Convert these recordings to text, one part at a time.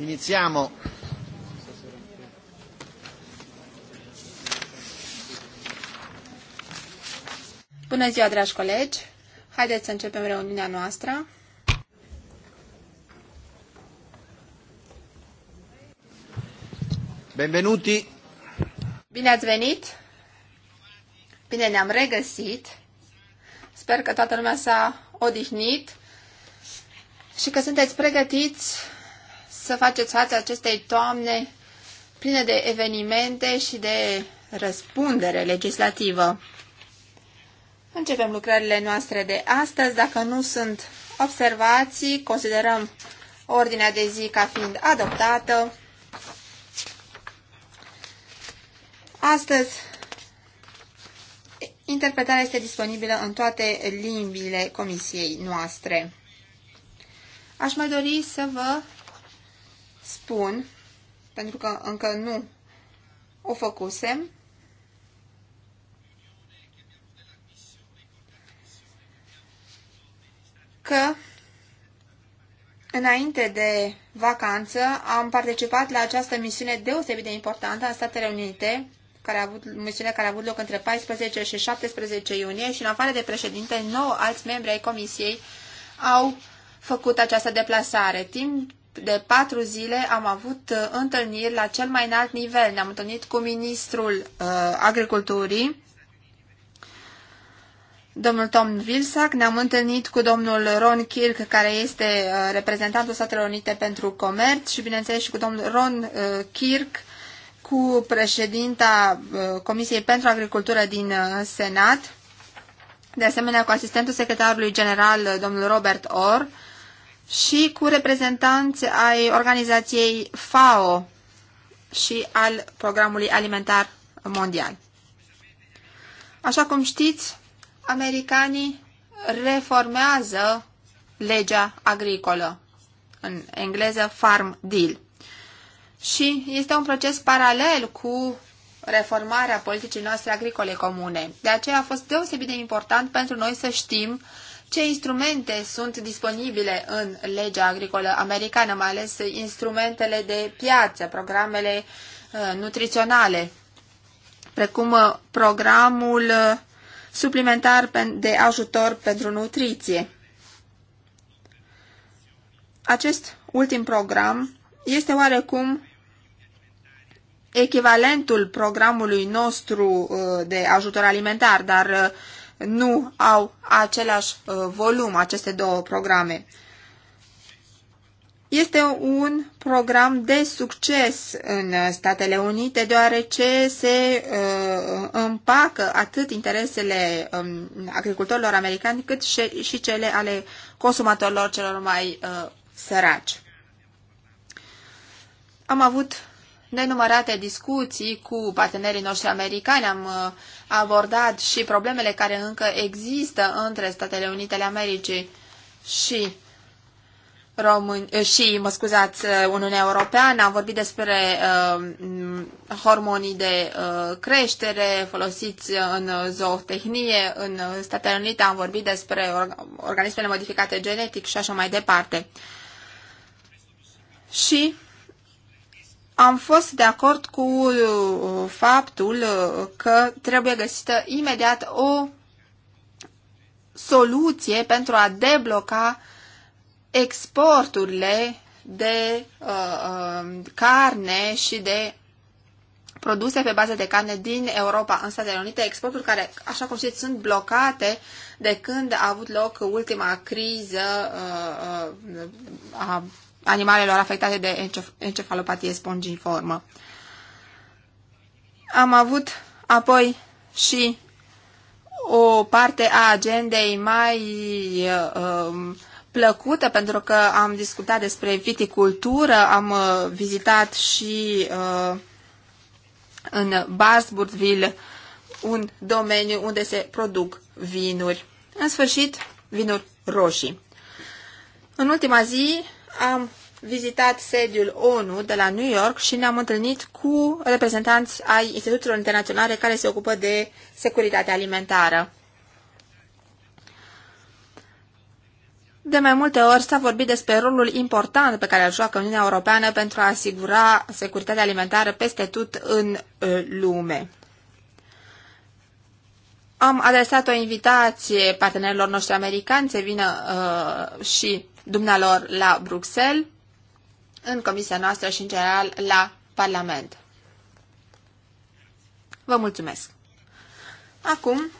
Iniziamo. Bună ziua, dragi colegi! Haideți să începem reuniunea noastră. Benvenuti! Bine ați venit! Bine ne-am regăsit! Sper că toată lumea s-a odihnit și că sunteți pregătiți să faceți față acestei toamne pline de evenimente și de răspundere legislativă. Începem lucrările noastre de astăzi. Dacă nu sunt observații, considerăm ordinea de zi ca fiind adoptată. Astăzi, interpretarea este disponibilă în toate limbile comisiei noastre. Aș mai dori să vă spun, pentru că încă nu o făcusem, că Înainte de vacanță am participat la această misiune deosebit de importantă a Statele Unite, care a avut, misiune care a avut loc între 14 și 17 iunie și în afară de președinte, nouă alți membri ai comisiei au făcut această deplasare. Timp de patru zile am avut uh, întâlniri la cel mai înalt nivel. Ne-am întâlnit cu ministrul uh, agriculturii, domnul Tom Vilsack, ne-am întâlnit cu domnul Ron Kirk, care este uh, reprezentantul Statelor Unite pentru Comerț și, bineînțeles, și cu domnul Ron uh, Kirk, cu președinta uh, Comisiei pentru Agricultură din uh, Senat, de asemenea cu asistentul secretarului general, uh, domnul Robert Orr, și cu reprezentanți ai organizației FAO și al Programului Alimentar Mondial. Așa cum știți, americanii reformează legea agricolă, în engleză Farm Deal. Și este un proces paralel cu reformarea politicii noastre agricole comune. De aceea a fost deosebit de important pentru noi să știm uh, ce instrumente sunt disponibile în legea agricolă americană, mai ales instrumentele de piață, programele uh, nutriționale, precum uh, programul uh, suplimentar de ajutor pentru nutriție. Acest ultim program este oarecum echivalentul programului nostru de ajutor alimentar, dar uh, nu au același uh, volum aceste două programe. Este un program de succes în Statele Unite deoarece se uh, împacă atât interesele um, agricultorilor americani cât și, și cele ale consumatorilor celor mai uh, săraci. Am avut nenumărate discuții cu partenerii noștri americani, am uh, abordat și problemele care încă există între Statele Unite ale Americii și Român, uh, și, mă scuzați, uh, Uniunea Europeană, am vorbit despre uh, hormonii de uh, creștere folosiți în zootehnie, în Statele Unite am vorbit despre organismele modificate genetic și așa mai departe. Și am fost de acord cu uh, faptul uh, că trebuie găsită imediat o soluție pentru a debloca exporturile de uh, uh, carne și de produse pe bază de carne din Europa în Statele Unite, exporturi care, așa cum știți, sunt blocate de când a avut loc ultima criză uh, uh, a animalelor afectate de encefalopatie spongiformă. Am avut apoi și o parte a agendei mai uh, um, plăcută pentru că am discutat despre viticultură, am uh, vizitat și uh, în Basburtville un domeniu unde se produc vinuri. În sfârșit, vinuri roșii. În ultima zi am vizitat sediul ONU de la New York și ne-am întâlnit cu reprezentanți ai instituțiilor internaționale care se ocupă de securitatea alimentară. De mai multe ori s-a vorbit despre rolul important pe care îl joacă Uniunea Europeană pentru a asigura securitatea alimentară peste tot în lume. Am adresat o invitație partenerilor noștri americani să vină uh, și dumnealor la Bruxelles în comisia noastră și în general la Parlament. Vă mulțumesc! Acum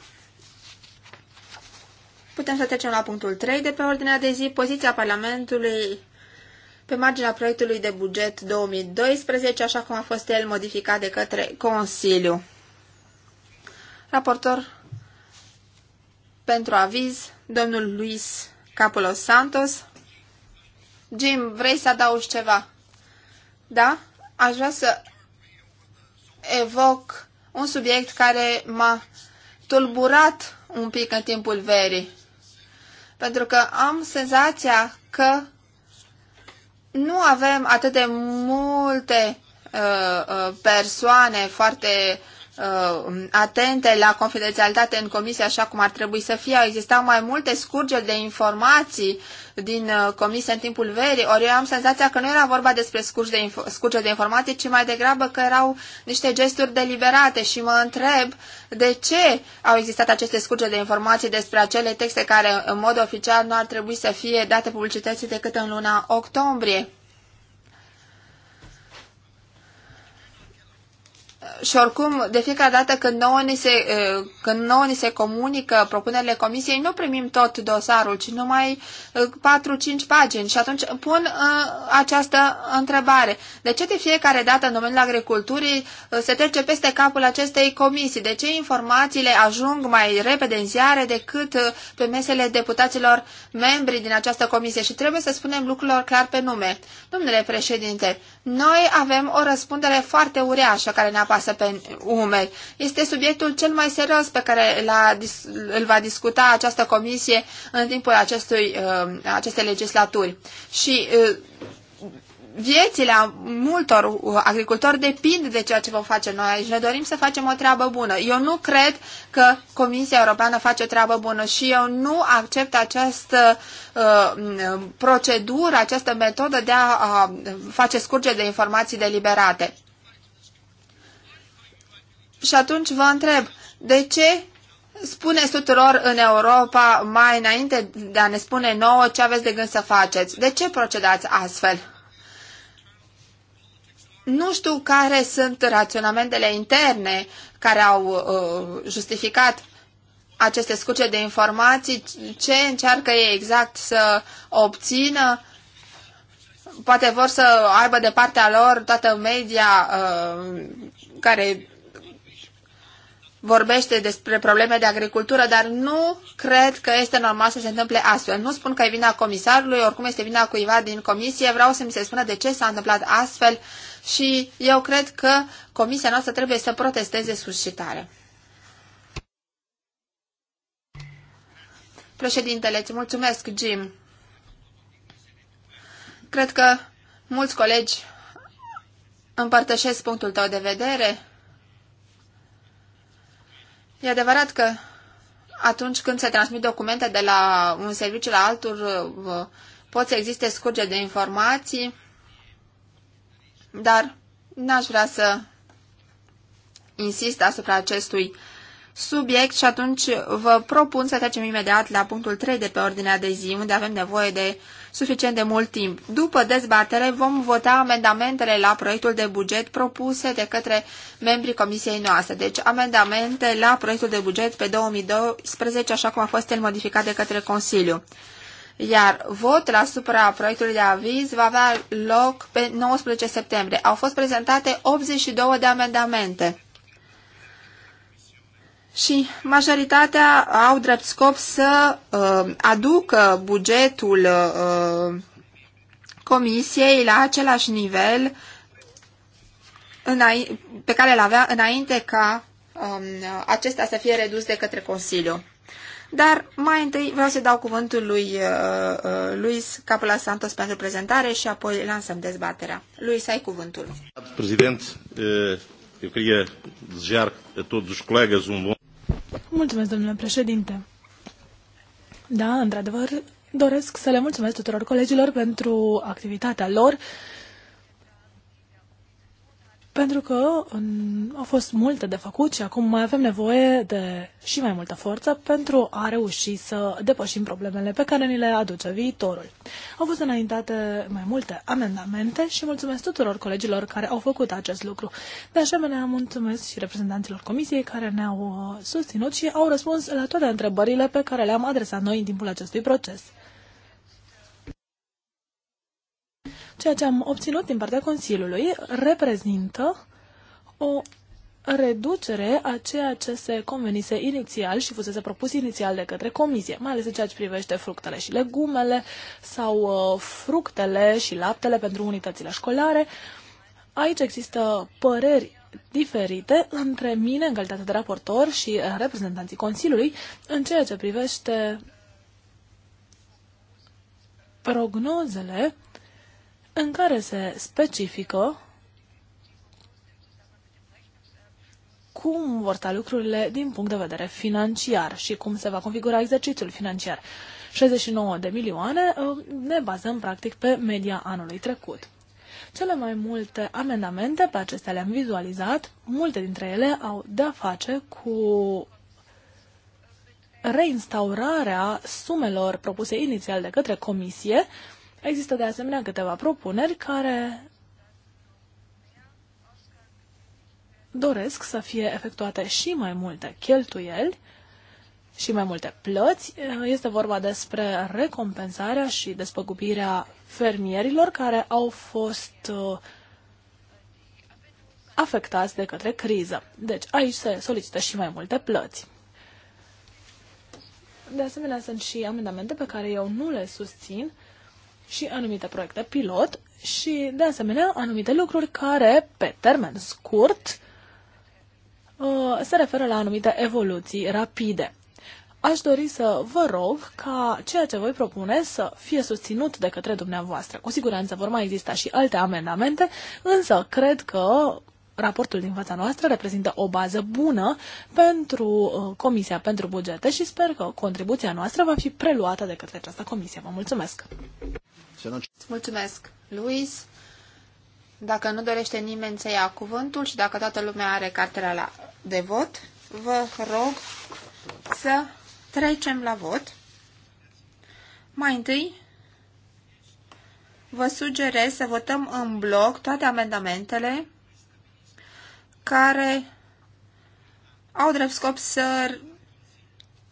putem să trecem la punctul 3 de pe ordinea de zi, poziția Parlamentului pe marginea proiectului de buget 2012, așa cum a fost el modificat de către Consiliu. Raportor pentru aviz, domnul Luis Capolos Santos. Jim, vrei să adaugi ceva? Da? Aș vrea să evoc un subiect care m-a tulburat un pic în timpul verii. Pentru că am senzația că nu avem atât de multe uh, uh persoane foarte uh, atente la confidențialitate în comisie așa cum ar trebui să fie. Au existat mai multe scurgeri de informații din uh, comisie în timpul verii, ori eu am senzația că nu era vorba despre scurgeri de, inf- scurgeri de informații, ci mai degrabă că erau niște gesturi deliberate și mă întreb de ce au existat aceste scurgeri de informații despre acele texte care în mod oficial nu ar trebui să fie date publicității decât în luna octombrie. și oricum, de fiecare dată când nouă ni se, când nouă ni se comunică propunerile comisiei, nu primim tot dosarul, ci numai 4-5 pagini. Și atunci pun această întrebare. De ce de fiecare dată în domeniul agriculturii se trece peste capul acestei comisii? De ce informațiile ajung mai repede în ziare decât pe mesele deputaților membri din această comisie? Și trebuie să spunem lucrurilor clar pe nume. Domnule președinte, noi avem o răspundere foarte ureașă care ne apasă pe umeri. Este subiectul cel mai serios pe care îl va discuta această comisie în timpul acestui, uh, acestei legislaturi. Și uh, viețile a multor uh, agricultori depind de ceea ce vom face noi aici. Ne dorim să facem o treabă bună. Eu nu cred că Comisia Europeană face o treabă bună și eu nu accept această uh, uh, procedură, această metodă de a, uh, face scurge de informații deliberate. Și atunci vă întreb, de ce spuneți tuturor în Europa mai înainte de a ne spune nouă ce aveți de gând să faceți? De ce procedați astfel? Nu știu care sunt raționamentele interne care au uh, justificat aceste scurge de informații, ce încearcă ei exact să obțină. Poate vor să aibă de partea lor toată media uh, care vorbește despre probleme de agricultură, dar nu cred că este normal să se întâmple astfel. Nu spun că e vina comisarului, oricum este vina cuiva din comisie, vreau să mi se spună de ce s-a întâmplat astfel și eu cred că comisia noastră trebuie să protesteze suscitare. Președintele, îți mulțumesc, Jim. Cred că mulți colegi împărtășesc punctul tău de vedere. E adevărat că atunci când se transmit documente de la un serviciu la altul, uh, pot să existe scurge de informații, dar n-aș vrea să insist asupra acestui subiect și atunci vă propun să trecem imediat la punctul 3 de pe ordinea de zi, unde avem nevoie de suficient de mult timp. După dezbatere vom vota amendamentele la proiectul de buget propuse de către membrii comisiei noastre. Deci amendamente la proiectul de buget pe 2012, așa cum a fost el modificat de către Consiliu iar votul asupra proiectului de aviz va avea loc pe 19 septembrie. Au fost prezentate 82 de amendamente și majoritatea au drept scop să uh, aducă bugetul uh, comisiei la același nivel pe care îl avea înainte ca um, acesta să fie redus de către Consiliu. Dar mai întâi vreau să dau cuvântul lui uh, uh, Luis Capula Santos pentru prezentare și apoi lansăm dezbaterea. Luis, ai cuvântul. Președinte, eh, eu queria desejar a toți os colegas un um bun... Mulțumesc, domnule președinte. Da, într-adevăr, doresc să le mulțumesc tuturor colegilor pentru activitatea lor pentru că au fost multe de făcut și acum mai avem nevoie de și mai multă forță pentru a reuși să depășim problemele pe care ni le aduce viitorul. Au fost înaintate mai multe amendamente și mulțumesc tuturor colegilor care au făcut acest lucru. De asemenea, mulțumesc și reprezentanților comisiei care ne-au uh, susținut și au răspuns la toate întrebările pe care le-am adresat noi în timpul acestui proces. Ceea ce am obținut din partea Consiliului reprezintă o reducere a ceea ce se convenise inițial și fusese propus inițial de către comisie, mai ales în ceea ce privește fructele și legumele sau uh, fructele și laptele pentru unitățile școlare. Aici există păreri diferite între mine în calitate de raportor și reprezentanții Consiliului în ceea ce privește prognozele în care se specifică cum vor sta lucrurile din punct de vedere financiar și cum se va configura exercițiul financiar. 69 de milioane uh, ne bazăm practic pe media anului trecut. Cele mai multe amendamente pe acestea le-am vizualizat, multe dintre ele au de-a face cu reinstaurarea sumelor propuse inițial de către comisie, Există de asemenea câteva propuneri care doresc să fie efectuate și mai multe cheltuieli și mai multe plăți. Este vorba despre recompensarea și despăgubirea fermierilor care au fost uh, afectați de către criză. Deci aici se solicită și mai multe plăți. De asemenea, sunt și amendamente pe care eu nu le susțin, și anumite proiecte pilot și, de asemenea, anumite lucruri care, pe termen scurt, uh, se referă la anumite evoluții rapide. Aș dori să vă rog ca ceea ce voi propune să fie susținut de către dumneavoastră. Cu siguranță vor mai exista și alte amendamente, însă cred că raportul din fața noastră reprezintă o bază bună pentru uh, Comisia pentru Bugete și sper că contribuția noastră va fi preluată de către această comisie. Vă mulțumesc! Mulțumesc, Luis! Dacă nu dorește nimeni să ia cuvântul și dacă toată lumea are cartela la de vot, vă rog să trecem la vot. Mai întâi, vă sugerez să votăm în bloc toate amendamentele care au drept scop să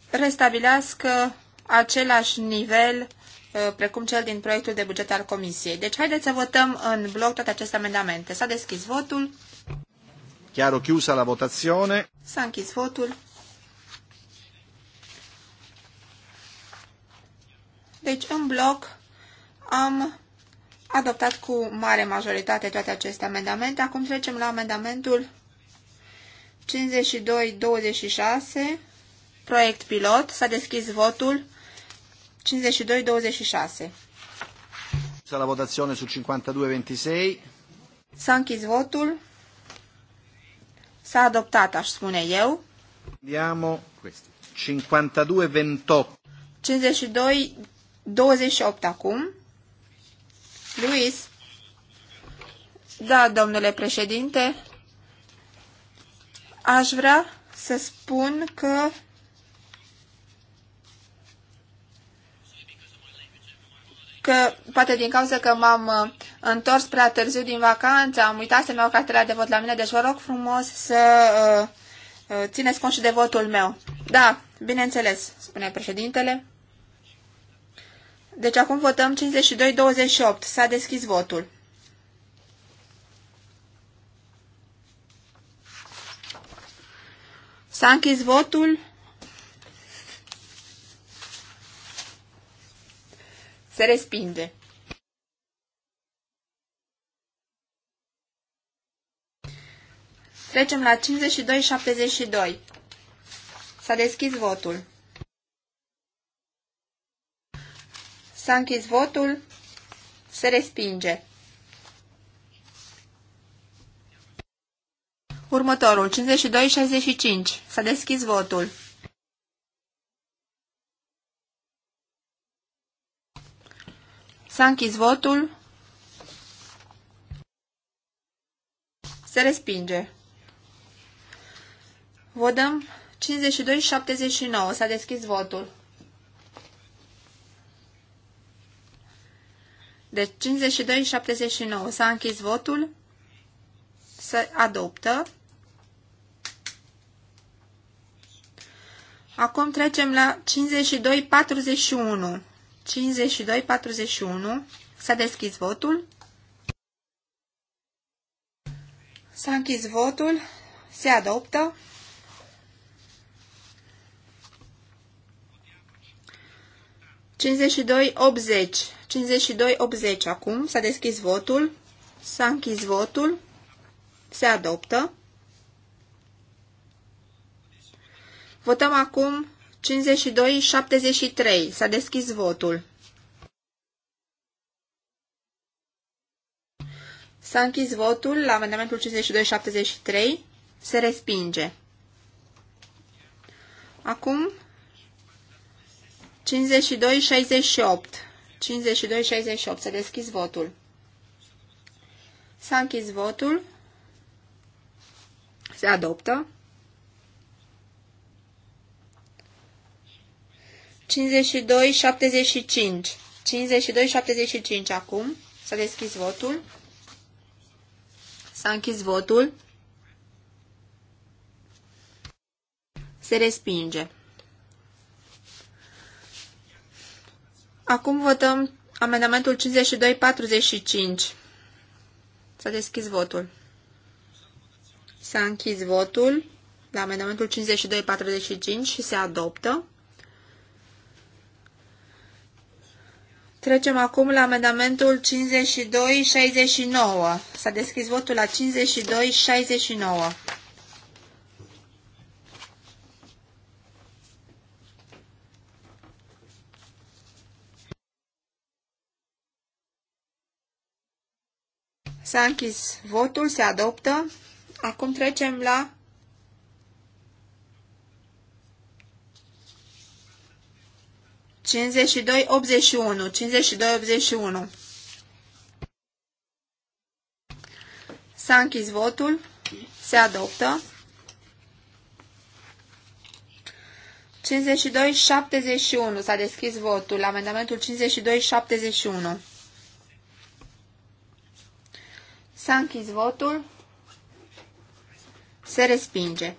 restabilească același nivel uh, precum cel din proiectul de buget al Comisiei. Deci haideți să votăm în bloc toate aceste amendamente. S-a deschis votul. Chiaro chiusa la votazione. S-a închis votul. Deci în bloc am adoptat cu mare majoritate toate aceste amendamente. Acum trecem la amendamentul 52-26, proiect pilot, s-a deschis votul 52-26. La votazione su 52-26. S-a închis votul. S-a adoptat, aș spune eu. Andiamo 52-28. 52-28 acum. Luis. Da, domnule președinte, aș vrea să spun că că poate din cauza că m-am uh, întors prea târziu din vacanță, am uitat să-mi iau cartela de vot la mine, deci vă rog frumos să uh, uh țineți cont și de votul meu. Da, bineînțeles, spune președintele. Deci acum votăm 52-28. S-a deschis votul. S-a închis votul. Se respinde. Trecem la 52-72. S-a deschis votul. S-a închis votul. Se respinge. Următorul, 52-65. S-a deschis votul. S-a închis votul. Se respinge. Vodăm 52-79. S-a deschis votul. Deci 52-79. S-a închis votul. Se adoptă. Acum trecem la 52-41. 52-41. S-a deschis votul. S-a închis votul. Se adoptă. Cincizeci doi optzeci. Cincizeci doi optzeci acum. S-a deschis votul. S-a închis votul. Se adoptă. Votăm acum 52-73. S-a deschis votul. S-a închis votul la amendamentul 52-73. Se respinge. Acum 52-68. 52-68. S-a deschis votul. S-a închis votul. Se adoptă. 52, 75. 52, 75 acum. S-a deschis votul. S-a închis votul. Se respinge. Acum votăm amendamentul 52-45. S-a deschis votul. S-a închis votul la amendamentul 52-45 și se adoptă. Trecem acum la amendamentul 52-69. S-a deschis votul la 52-69. S-a închis votul, se adoptă. Acum trecem la 52-81. S-a închis votul, se adoptă. 52-71. s-a deschis votul, amendamentul 52-71. S-a închis votul, se respinge.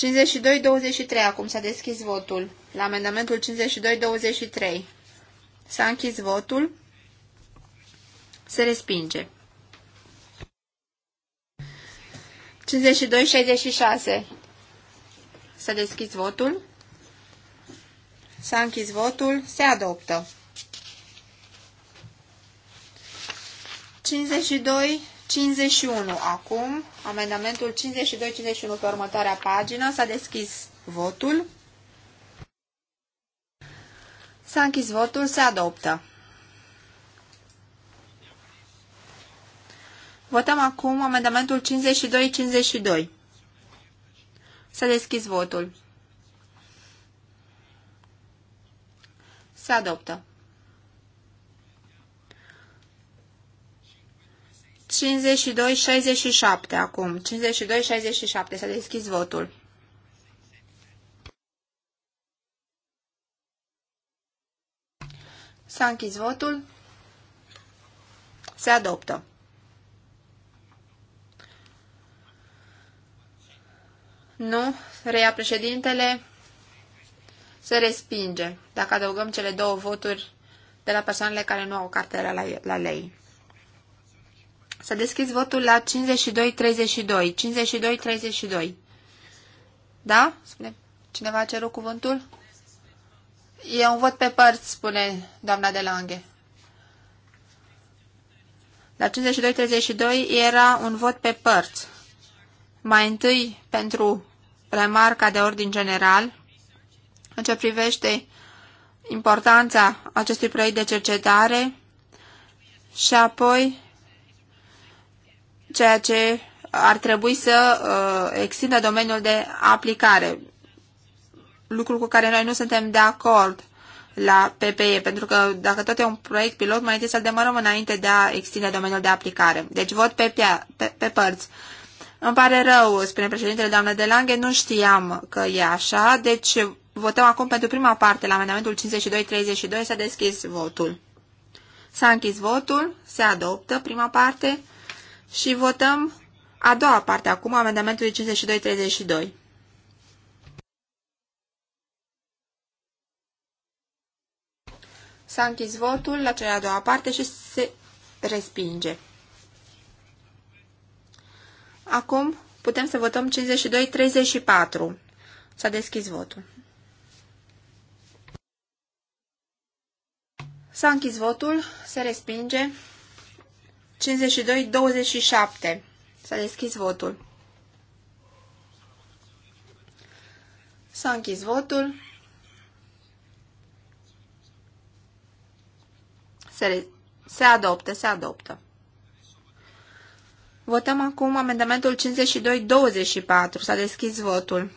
52-23. Acum s-a deschis votul. La amendamentul 52-23. S-a închis votul. Se respinge. 52-66. S-a deschis votul. S-a închis votul. Se adoptă. 52 51 acum, amendamentul 52-51 pe următoarea pagină, s-a deschis votul. S-a închis votul, se adoptă. Votăm acum amendamentul 52-52. S-a deschis votul. Se adoptă. 52-67 acum. 52-67. S-a deschis votul. S-a închis votul. Se adoptă. Nu, reia președintele, se respinge dacă adăugăm cele două voturi de la persoanele care nu au cartela la, la lei. Să deschizi votul la 52-32. 52-32. Da? Spune. Cineva a cerut cuvântul? E un vot pe părți, spune doamna de Lange. La 52-32 era un vot pe părți. Mai întâi pentru remarca de ordin general, în ce privește importanța acestui proiect de cercetare și apoi ceea ce ar trebui să uh, extindă domeniul de aplicare, lucru cu care noi nu suntem de acord la PPE, pentru că dacă tot e un proiect pilot, mai întâi să-l demarăm înainte de a extinde domeniul de aplicare. Deci vot pe, pe, pe părți. Îmi pare rău, spune președintele doamnă de Lange, nu știam că e așa, deci votăm acum pentru prima parte la amendamentul 52-32, s-a deschis votul. S-a închis votul, se adoptă prima parte, și votăm a doua parte acum, 52 5232. S-a închis votul la cea a doua parte și se respinge. Acum putem să votăm 52-34. S-a deschis votul. S-a închis votul, se respinge 52-27. S-a deschis votul. S-a închis votul. Se, se adoptă, se adoptă. Votăm acum amendamentul 52-24. S-a deschis votul.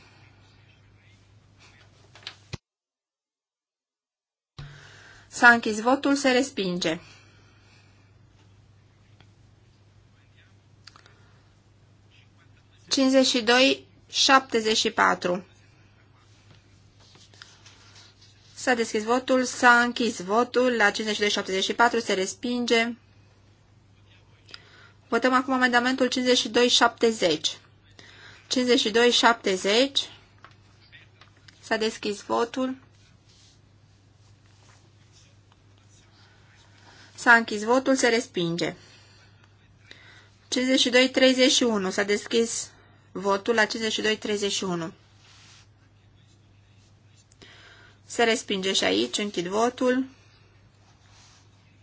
S-a închis votul, se respinge. 52, 74. S-a deschis votul, s-a închis votul, la 52-74 se respinge. Votăm acum amendamentul 52-70. 52-70. S-a deschis votul. S-a închis votul, se respinge. 52-31. S-a deschis votul la 52-31. Se respinge și aici, închid votul.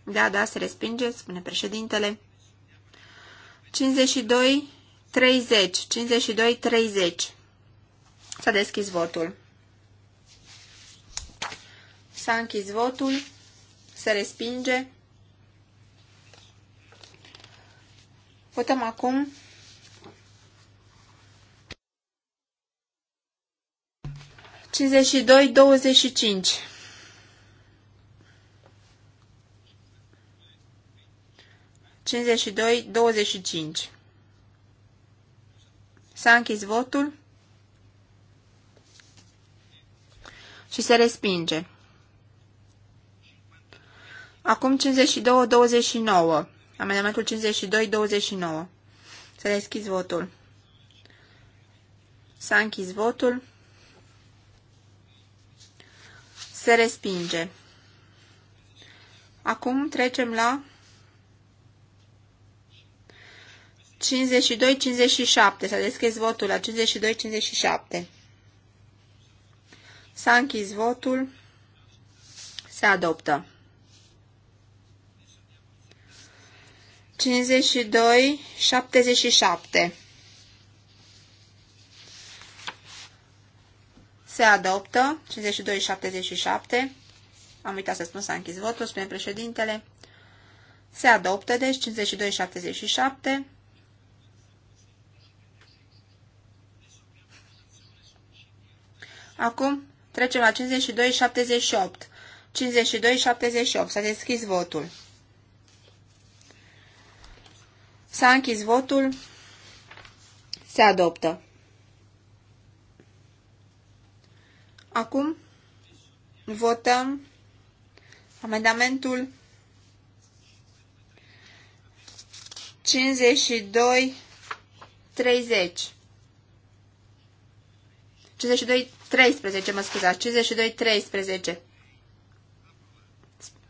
Da, da, se respinge, spune președintele. 52, 30. 52, 30. S-a deschis votul. S-a închis votul. Se respinge. Votăm acum 52-25. Cincizeci și doi, douăzeci S-a închis votul și se respinge. Acum 52-29. Amendamentul 52-29. Să deschizi votul. S-a închis votul. Se respinge. Acum trecem la 52-57. S-a deschis votul la 52-57. S-a închis votul. Se adoptă. 52-77. Se adoptă 52-77. Am uitat să spun s-a închis votul, spune președintele. Se adoptă, deci, 52-77. Acum trecem la 52-78. 52-78. S-a deschis votul. S-a închis votul. Se adoptă. Acum votăm amendamentul 52 30. 52 13, mă scuzați, 52 13.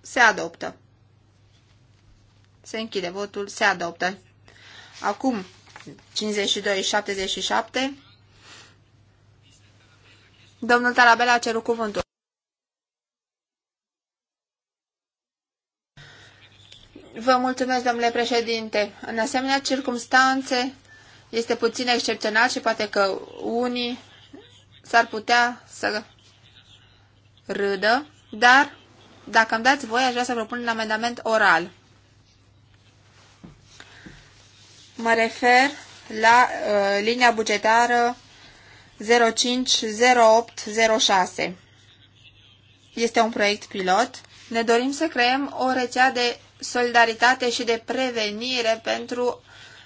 Se adoptă. Se închide votul, se adoptă. Acum 52 77 Domnul Tarabela a cerut cuvântul. Vă mulțumesc, domnule președinte. În asemenea circumstanțe, este puțin excepțional și poate că unii s-ar putea să râdă, dar dacă îmi dați voi, aș vrea să propun un amendament oral. Mă refer la uh, linia bugetară 050806. Este un proiect pilot. Ne dorim să creăm o rețea de solidaritate și de prevenire pentru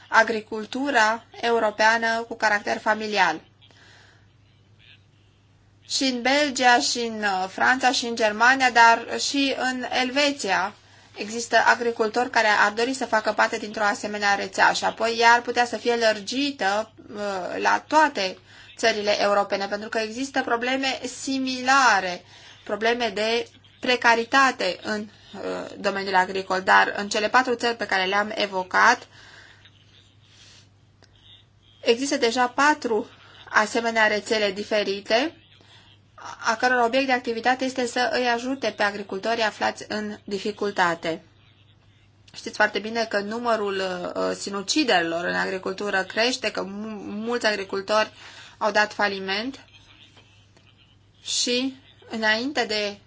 agricultura europeană cu caracter familial. Și în Belgia, și în uh, Franța, și în Germania, dar și în Elveția există agricultori care ar dori să facă parte dintr-o asemenea rețea și apoi ea ar putea să fie lărgită uh, la toate țările europene, pentru că există probleme similare, probleme de precaritate în uh, domeniul agricol, dar în cele patru țări pe care le-am evocat, există deja patru asemenea rețele diferite, a căror obiect de activitate este să îi ajute pe agricultorii aflați în dificultate. Știți foarte bine că numărul uh, sinuciderilor în agricultură crește, că mulți agricultori uh, au dat faliment și înainte de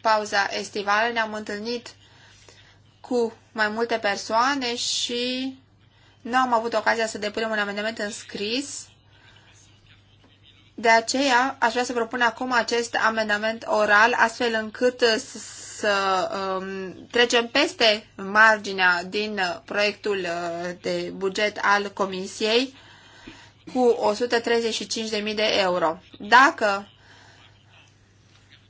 pauza estivală ne-am întâlnit cu mai multe persoane și nu am avut ocazia să depunem un amendament înscris. De aceea aș vrea să propun acum acest amendament oral, astfel încât să, să um, trecem peste marginea din proiectul uh, de buget al Comisiei cu 135.000 de euro. Dacă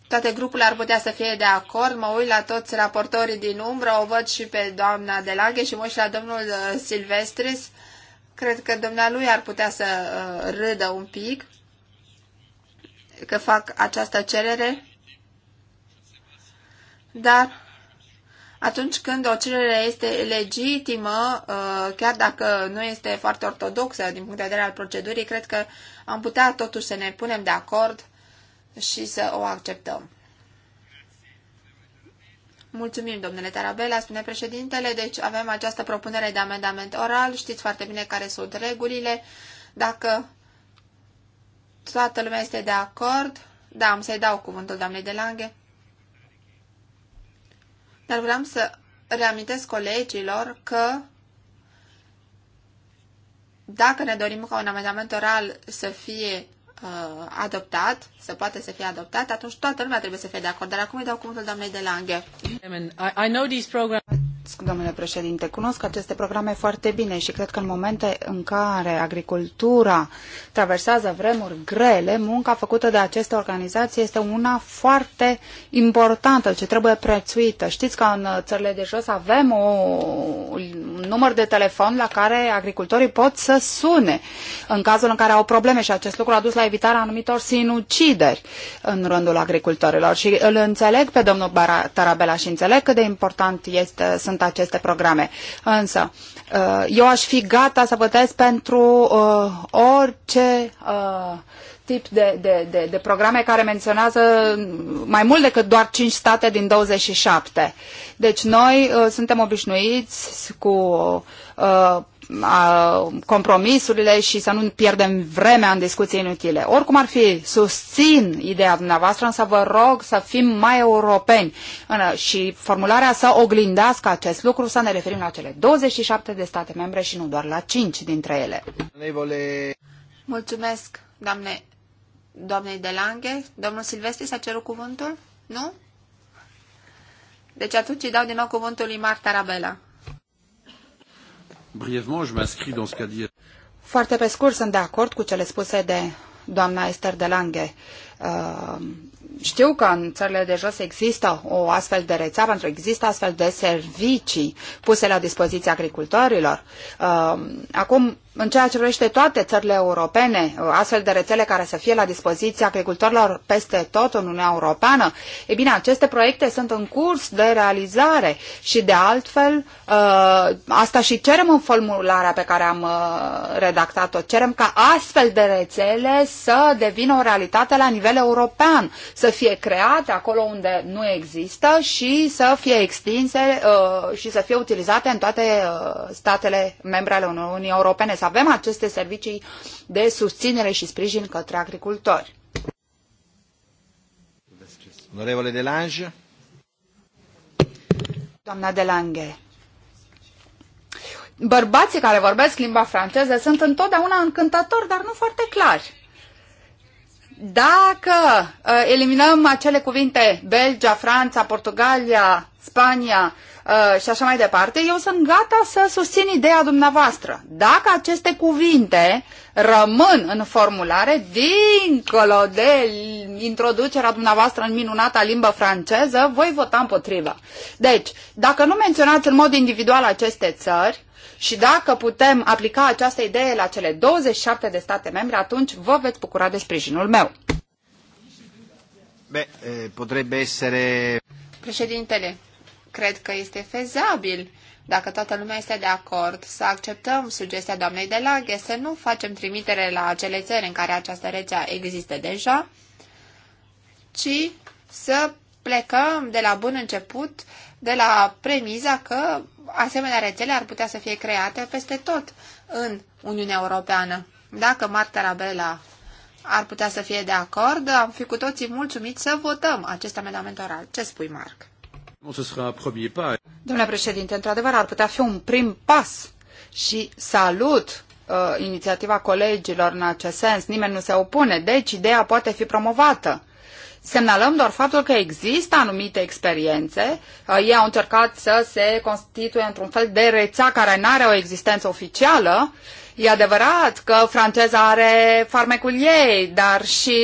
toate grupurile ar putea să fie de acord, mă uit la toți raportorii din umbră, o văd și pe doamna de Lange și mă și la domnul uh, Silvestris. Cred că dumnealui ar putea să uh, râdă un pic că fac această cerere, dar atunci când o cerere este legitimă, uh, chiar dacă nu este foarte ortodoxă din punct de vedere al procedurii, cred că am putea totuși să ne punem de acord și să o acceptăm. Mulțumim, domnule Tarabela, spune președintele. Deci avem această propunere de amendament oral. Știți foarte bine care sunt regulile. Dacă toată lumea este de acord, da, am să-i dau cuvântul doamnei de Lange. Dar vreau să reamintesc colegilor că dacă ne dorim ca un amendament oral să fie uh, adoptat, să poate să fie adoptat, atunci toată lumea trebuie să fie de acord. Dar acum îi dau cuvântul doamnei de Lange domnule președinte. Cunosc aceste programe foarte bine și cred că în momente în care agricultura traversează vremuri grele, munca făcută de aceste organizații este una foarte importantă, ce trebuie prețuită. Știți că în țările de jos avem o, un număr de telefon la care agricultorii pot să sune în cazul în care au probleme și acest lucru a dus la evitarea anumitor sinucideri în rândul agricultorilor. Și îl înțeleg pe domnul Tarabela și înțeleg cât de important este, sunt aceste programe. Însă, uh, eu aș fi gata să votez pentru uh, orice uh, tip de, de, de, de programe care menționează mai mult decât doar 5 state din 27. Deci noi uh, suntem obișnuiți cu uh, compromisurile și să nu pierdem vremea în discuții inutile. Oricum ar fi, susțin ideea dumneavoastră, însă vă rog să fim mai europeni și formularea să oglindească acest lucru, să ne referim la cele 27 de state membre și nu doar la 5 dintre ele. Mulțumesc, doamne, doamnei de Lange. Domnul Silvestri s-a cerut cuvântul? Nu? Deci atunci îi dau din nou cuvântul lui Marta Rabela. Brièvement, je m'inscris dans ce qu'a dit... Foarte pe scurt, sunt de acord cu cele spuse de doamna Esther de Lange. Uh, știu că în țările de jos există o astfel de rețea, pentru că există astfel de servicii puse la dispoziția agricultorilor. Uh, acum, în ceea ce vrește toate țările europene, uh, astfel de rețele care să fie la dispoziția agricultorilor peste tot în Uniunea Europeană, e bine, aceste proiecte sunt în curs de realizare și, de altfel, uh, asta și cerem în formularea pe care am redactat-o. Cerem ca astfel de rețele să devină o realitate la nivel european, să fie create acolo unde nu există și să fie extinse uh, și să fie utilizate în toate uh, statele membre ale Uniunii Europene. Să avem aceste servicii de susținere și sprijin către agricultori. Onorevole Delange. Doamna Delange. Bărbații care vorbesc limba franceză sunt întotdeauna încântători, dar nu foarte clari. Dacă uh, eliminăm acele cuvinte Belgia, Franța, Portugalia, Spania uh, și așa mai departe, eu sunt gata să susțin ideea dumneavoastră. Dacă aceste cuvinte rămân în formulare, dincolo de introducerea dumneavoastră în minunata limbă franceză, voi vota împotriva. Deci, dacă nu menționați în mod individual aceste țări, și dacă putem aplica această idee la cele 27 de state membre, atunci vă veți bucura de sprijinul meu. Be, eh, potrebbe essere... Președintele, cred că este fezabil, dacă toată lumea este de acord, să acceptăm sugestia doamnei de Laghe să nu facem trimitere la acele țări în care această rețea există deja, ci să plecăm de la bun început de la premiza că asemenea rețele ar putea să fie create peste tot în Uniunea Europeană. Dacă Marta Rabela ar putea să fie de acord, am fi cu toții mulțumiți să votăm acest amendament oral. Ce spui, Marc? Domnule președinte, într-adevăr ar putea fi un prim pas și salut uh, inițiativa colegilor în acest sens. Nimeni nu se opune, deci ideea poate fi promovată. Semnalăm doar faptul că există anumite experiențe. Uh, ei au încercat să se constituie într-un fel de rețea care nu are o existență oficială E adevărat că franceza are farmecul ei, dar și,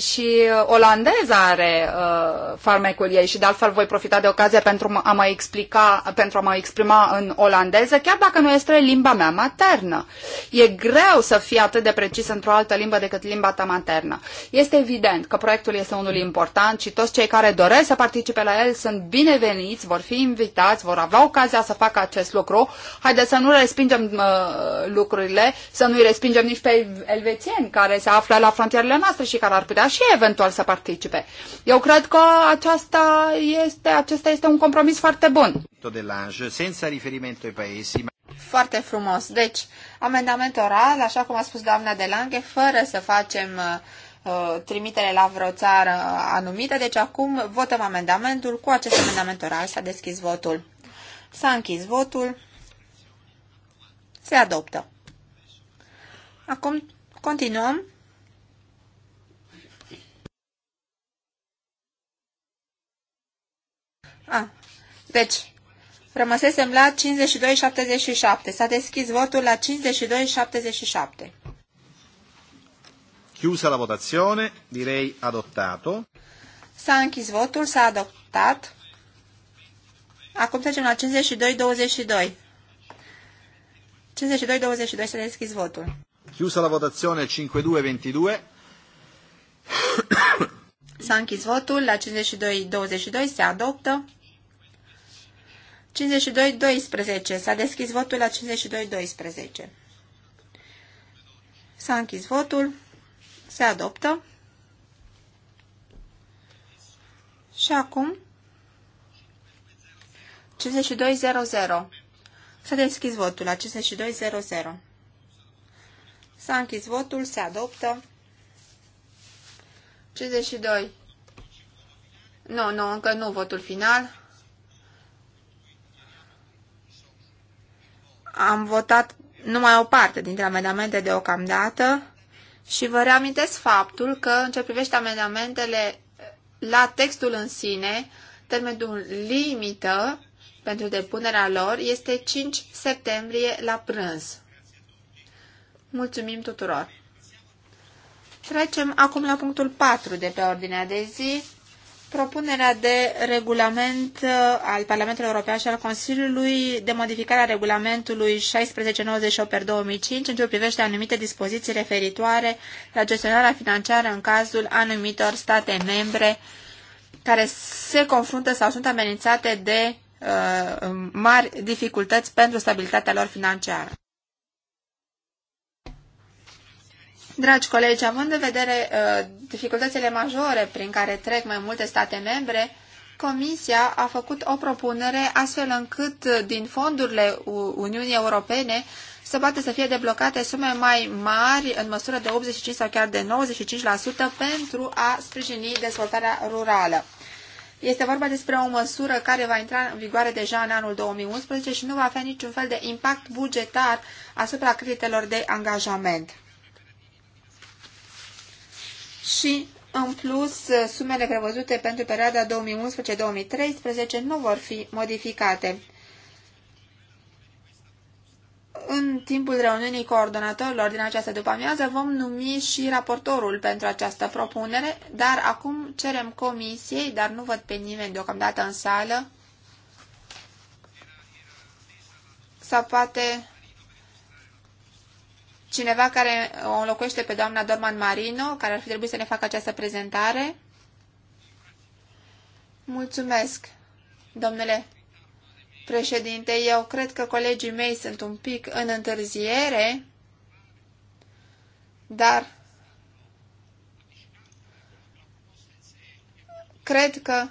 și olandeza are uh, farmecul ei și de altfel voi profita de ocazie pentru a mă, explica, pentru a mă exprima în olandeză, chiar dacă nu este limba mea maternă. E greu să fii atât de precis într-o altă limbă decât limba ta maternă. Este evident că proiectul este unul important și toți cei care doresc să participe la el sunt bineveniți, vor fi invitați, vor avea ocazia să facă acest lucru. Haideți să nu respingem uh, lucrurile drepturile, să nu-i respingem nici pe elvețieni care se află la frontierele noastre și care ar putea și eventual să participe. Eu cred că aceasta este, acesta este un compromis foarte bun. Foarte frumos. Deci, amendament oral, așa cum a spus doamna de Lange, fără să facem uh, uh, trimitere la vreo țară anumită. Deci acum votăm amendamentul. Cu acest amendament oral s-a deschis votul. S-a închis votul. Se adoptă. Acum continuăm. A, deci, rămăsesem la 52-77. S-a deschis votul la 52-77. Chiusa la votazione, direi adottato. S-a închis votul, s-a adoptat. Acum trecem la 52-22. 52-22 să votul. Chiusa la votazione 52-22. S-a închis votul la 52-22, se adoptă. 52-12, s-a deschis votul la 52-12. S-a închis votul, se adoptă. Și acum 52-00. S-a deschis votul la 52-00. S-a închis votul, se adoptă. 52. Nu, nu, încă nu votul final. Am votat numai o parte dintre amendamente deocamdată și vă reamintesc faptul că în ce privește amendamentele la textul în sine, termenul limită pentru depunerea lor este 5 septembrie la prânz. Mulțumim tuturor! Trecem acum la punctul 4 de pe ordinea de zi, propunerea de regulament uh, al Parlamentului European și al Consiliului de modificare a regulamentului 1698 2005 în ce privește anumite dispoziții referitoare la gestionarea financiară în cazul anumitor state membre care se confruntă sau sunt amenințate de uh, mari dificultăți pentru stabilitatea lor financiară. Dragi colegi, având în vedere uh, dificultățile majore prin care trec mai multe state membre, Comisia a făcut o propunere astfel încât uh, din fondurile Uniunii Europene să poate să fie deblocate sume mai mari în măsură de 85 sau chiar de 95% pentru a sprijini dezvoltarea rurală. Este vorba despre o măsură care va intra în vigoare deja în anul 2011 și nu va avea niciun fel de impact bugetar asupra creditelor de angajament și, în plus, sumele prevăzute pentru perioada 2011-2013 nu vor fi modificate. În timpul reuniunii coordonatorilor din această după-amiază vom numi și raportorul pentru această propunere, dar acum cerem comisiei, dar nu văd pe nimeni deocamdată în sală, sau poate cineva care o înlocuiește pe doamna Dorman Marino, care ar fi trebuit să ne facă această prezentare. Mulțumesc, domnule președinte. Eu cred că colegii mei sunt un pic în întârziere, dar cred că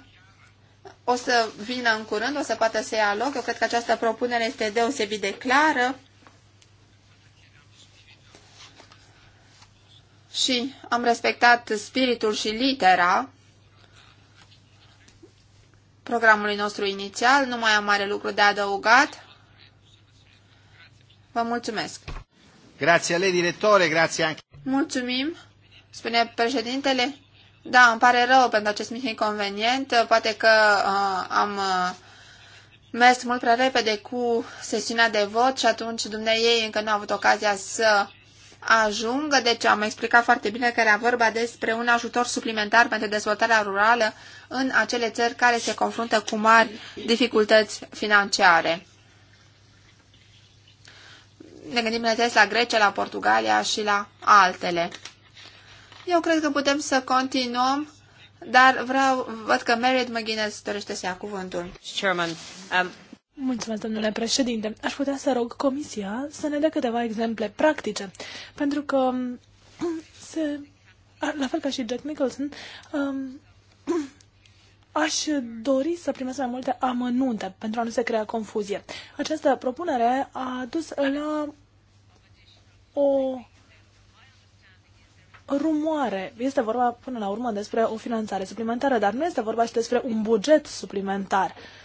o să vină în curând, o să poată să ia loc. Eu cred că această propunere este deosebit de clară și am respectat spiritul și litera programului nostru inițial. Nu mai am mare lucru de adăugat. Vă mulțumesc. Grazie a lei, direttore, grazie anche. Mulțumim, spune președintele. Da, îmi pare rău pentru acest mic inconvenient. Poate că uh, am uh, mers mult prea repede cu sesiunea de vot și atunci dumneai ei încă nu a avut ocazia să ajungă. Deci am explicat foarte bine că era vorba despre un ajutor suplimentar pentru dezvoltarea rurală în acele țări care se confruntă cu mari dificultăți financiare. Ne gândim, bineînțeles, la Grecia, la Portugalia și la altele. Eu cred că putem să continuăm, dar vreau, văd că Merit McGuinness dorește să ia cuvântul. Chairman, um, Mulțumesc, domnule președinte. Aș putea să rog Comisia să ne dea câteva exemple practice, pentru că um, se, la fel ca și Jack Nicholson, um, aș dori să primesc mai multe amănunte pentru a nu se crea confuzie. Această propunere a dus la o rumoare. Este vorba până la urmă despre o finanțare suplimentară, dar nu este vorba și despre un buget suplimentar. Uh,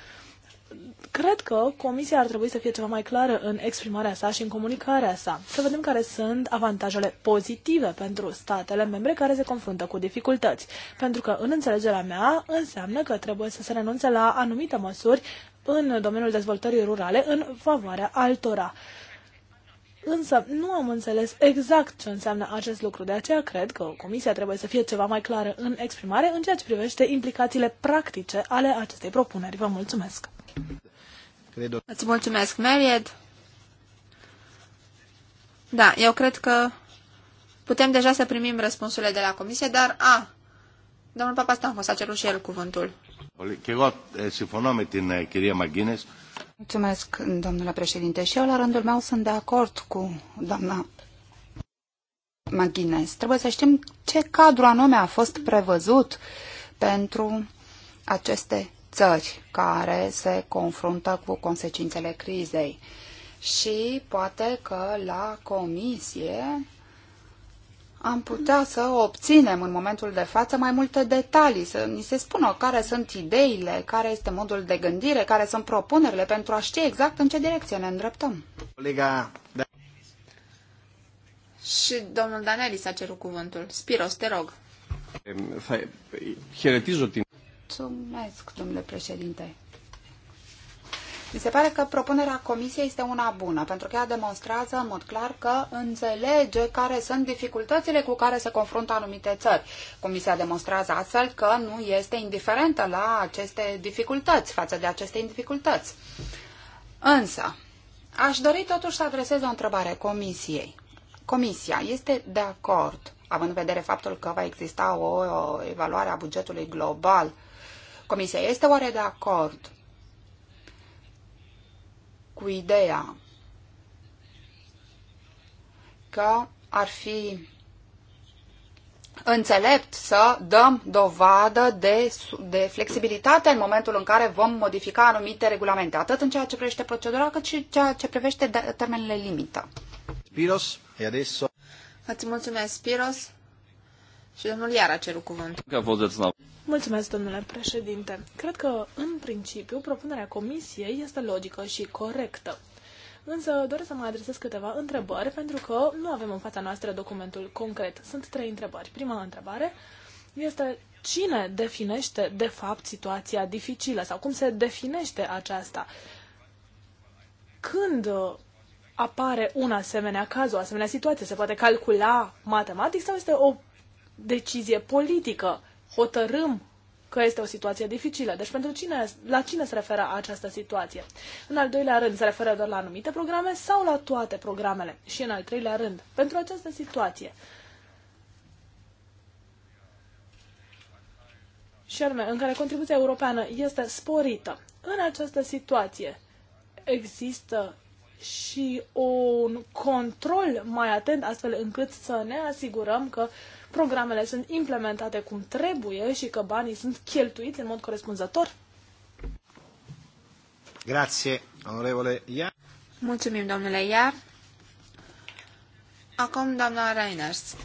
Cred că Comisia ar trebui să fie ceva mai clară în exprimarea sa și în comunicarea sa. Să vedem care sunt avantajele pozitive pentru statele membre care se confruntă cu dificultăți. Pentru că, în înțelegerea mea, înseamnă că trebuie să se renunțe la anumite măsuri în domeniul dezvoltării rurale în favoarea altora. Însă nu am înțeles exact ce înseamnă acest lucru, de aceea cred că Comisia trebuie să fie ceva mai clară în exprimare în ceea ce privește implicațiile practice ale acestei propuneri. Vă mulțumesc! credo... Îți mulțumesc, Meried. Da, eu cred că putem deja să primim răspunsurile de la comisie, dar, a, domnul Papa Stanhos a cerut și el cuvântul. Eh, eh, mulțumesc, domnule președinte. Și eu, la rândul meu, sunt de acord cu doamna Maghines. Trebuie să știm ce cadru anume a fost prevăzut pentru aceste țări care se confruntă cu consecințele crizei. Și poate că la comisie am putea să obținem în momentul de față mai multe detalii, să ni se spună care sunt ideile, care este modul de gândire, care sunt propunerile pentru a ști exact în ce direcție ne îndreptăm. Colega, da. Și domnul Daneli a cerut cuvântul. Spiros, te rog. Χαιρετίζω Mulțumesc, domnule președinte. Mi se pare că propunerea comisiei este una bună, pentru că ea demonstrează în mod clar că înțelege care sunt dificultățile cu care se confruntă anumite țări. Comisia demonstrează astfel că nu este indiferentă la aceste dificultăți, față de aceste dificultăți. Însă, aș dori totuși să adresez o întrebare comisiei. Comisia este de acord, având în vedere faptul că va exista o, o evaluare a bugetului global Comisia este oare de acord cu ideea că ar fi înțelept să dăm dovadă de, de flexibilitate în momentul în care vom modifica anumite regulamente, atât în ceea ce privește procedura, cât și în ceea ce privește termenele limită. Spiros, e adesso. Îți mulțumesc, Spiros. Și domnul Iar a cerut cuvânt. Mulțumesc, domnule președinte. Cred că, în principiu, propunerea comisiei este logică și corectă. Însă doresc să mă adresez câteva întrebări, pentru că nu avem în fața noastră documentul concret. Sunt trei întrebări. Prima întrebare este cine definește, de fapt, situația dificilă sau cum se definește aceasta? Când uh, apare un asemenea caz, o asemenea situație? Se poate calcula matematic sau este o decizie politică. Hotărâm că este o situație dificilă. Deci pentru cine, la cine se referă această situație? În al doilea rând, se referă doar la anumite programe sau la toate programele? Și în al treilea rând, pentru această situație. Și anume, în care contribuția europeană este sporită. În această situație există și un control mai atent astfel încât să ne asigurăm că uh, programele sunt implementate cum trebuie și că banii sunt cheltuiți în mod corespunzător? Grazie, onorevole Iar. Mulțumim, domnule Iar. Acum, doamna Reiners.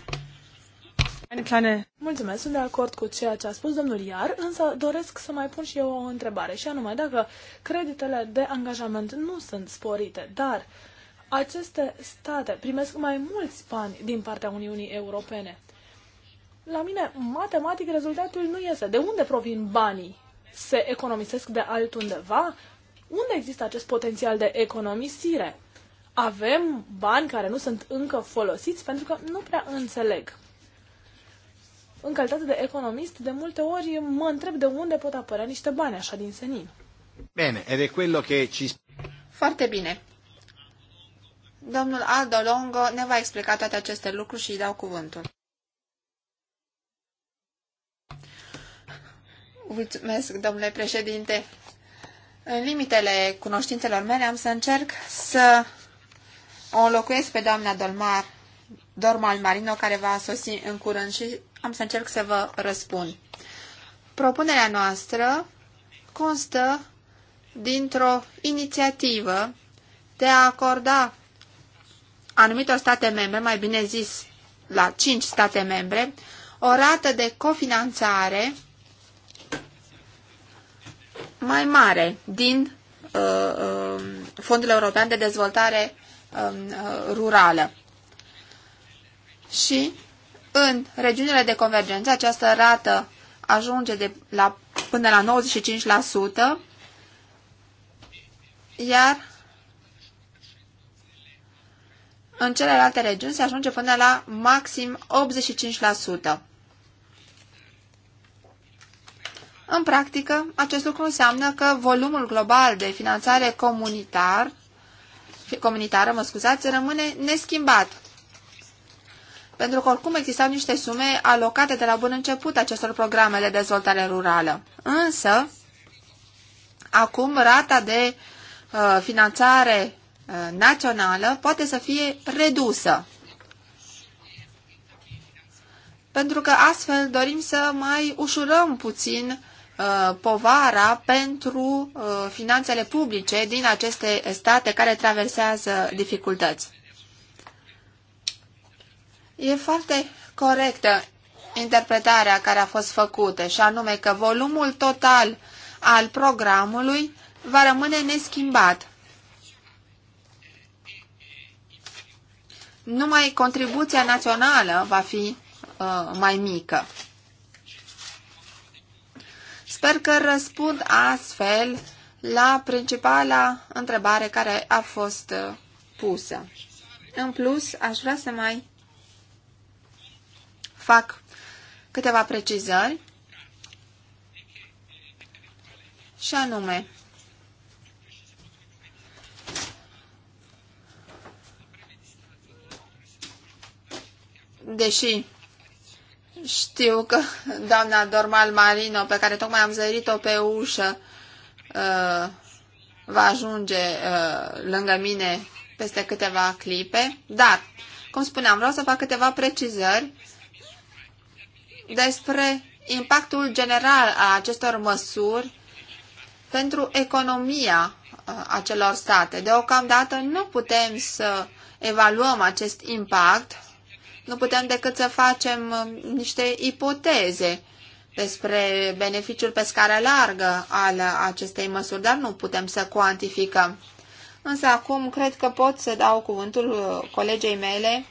Mulțumesc, sunt de acord cu ceea ce a spus domnul Iar, însă doresc să mai pun și eu o întrebare, și anume dacă creditele de angajament nu sunt sporite, dar aceste state primesc mai mulți bani din partea Uniunii Europene la mine, matematic, rezultatul nu iese. De unde provin banii? Se economisesc de altundeva? Unde există acest potențial de economisire? Avem bani care nu sunt încă folosiți pentru că nu prea înțeleg. În calitate de economist, de multe ori mă întreb de unde pot apărea niște bani așa din senin. Bine, e de quello che ci... Foarte bine. Domnul Aldo Longo ne va explica toate aceste lucruri și îi dau cuvântul. Mulțumesc, domnule președinte. În limitele cunoștințelor mele am să încerc să o înlocuiesc pe doamna Dolmar, Dormal Marino, care va sosi în curând și am să încerc să vă răspund. Propunerea noastră constă dintr-o inițiativă de a acorda anumitor state membre, mai bine zis la cinci state membre, o rată de cofinanțare mai mare din uh, uh, Fondul European de Dezvoltare um, uh, Rurală. Și în regiunile de convergență această rată ajunge de la, până la 95%, iar în celelalte regiuni se ajunge până la maxim 85%. În practică, acest lucru înseamnă că volumul global de finanțare comunitar, comunitară mă scuzați, rămâne neschimbat. Pentru că oricum existau niște sume alocate de la bun început acestor programe de dezvoltare rurală. Însă, acum rata de uh, finanțare uh, națională poate să fie redusă pentru că astfel dorim să mai ușurăm puțin Uh, povara pentru uh, finanțele publice din aceste state care traversează dificultăți. E foarte corectă interpretarea care a fost făcută, și anume că volumul total al programului va rămâne neschimbat. Numai contribuția națională va fi uh, mai mică. Sper că răspund astfel la principala întrebare care a fost uh, pusă. În plus, aș vrea să mai fac câteva precizări și anume deși știu că doamna Dormal Marino, pe care tocmai am zărit-o pe ușă, uh, va ajunge uh, lângă mine peste câteva clipe, dar, cum spuneam, vreau să fac câteva precizări despre impactul general a acestor măsuri pentru economia uh, acelor state. Deocamdată nu putem să evaluăm acest impact nu putem decât să facem um, niște ipoteze despre beneficiul pe scară largă al acestei măsuri, dar nu putem să cuantificăm. Însă acum cred că pot să dau cuvântul uh, colegei mele,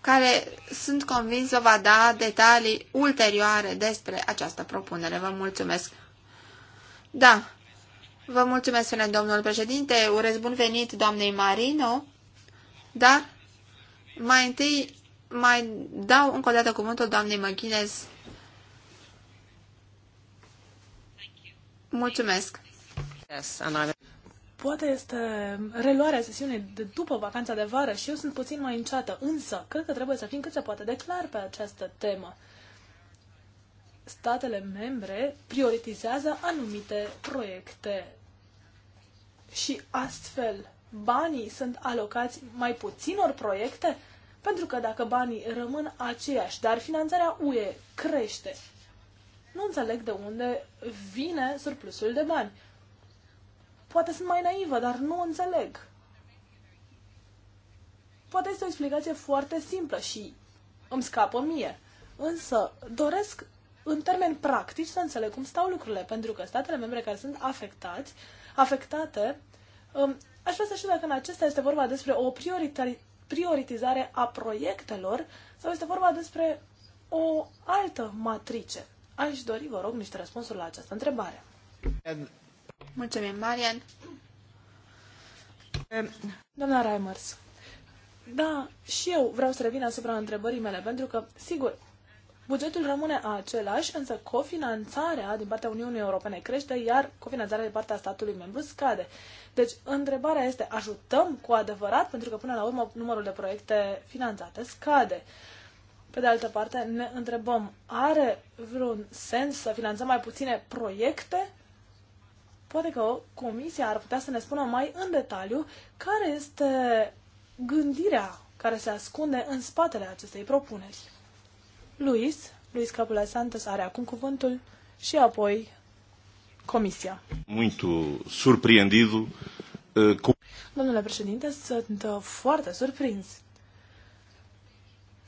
care sunt convins să va da detalii ulterioare despre această propunere. Vă mulțumesc! Da, vă mulțumesc, domnul președinte, urez bun venit doamnei Marino, dar mai întâi, mai dau încă o dată cuvântul doamnei McGuinness. Mulțumesc. Yes, Poate este reluarea sesiunii de după vacanța de vară și eu sunt puțin mai înceată, însă cred că trebuie să fim cât se poate de clar pe această temă. Statele membre prioritizează anumite proiecte și astfel banii sunt alocați mai puținor proiecte? Pentru că dacă banii rămân aceiași, dar finanțarea UE crește, nu înțeleg de unde vine surplusul de bani. Poate sunt mai naivă, dar nu înțeleg. Poate este o explicație foarte simplă și îmi scapă mie. Însă doresc în termeni practici să înțeleg cum stau lucrurile, pentru că statele membre care sunt afectați, afectate um, Aș vrea să știu dacă în acesta este vorba despre o prioritizare a proiectelor sau este vorba despre o altă matrice. Aș dori, vă rog, niște răspunsuri la această întrebare. Mulțumim, Marian. Doamna Reimers, da, și eu vreau să revin asupra întrebării mele, pentru că, sigur, Bugetul rămâne același, însă cofinanțarea din partea Uniunii Europene crește, iar cofinanțarea din partea statului membru scade. Deci, întrebarea este, ajutăm cu adevărat? Pentru că, până la urmă, numărul de proiecte finanțate scade. Pe de altă parte, ne întrebăm, are vreun sens să finanțăm mai puține proiecte? Poate că Comisia ar putea să ne spună mai în detaliu care este gândirea care se ascunde în spatele acestei propuneri. Luis, Luis Capula Santos are acum cuvântul și apoi Comisia. Muito surpreendido eh, cu... Domnule președinte, sunt eh, foarte surprins.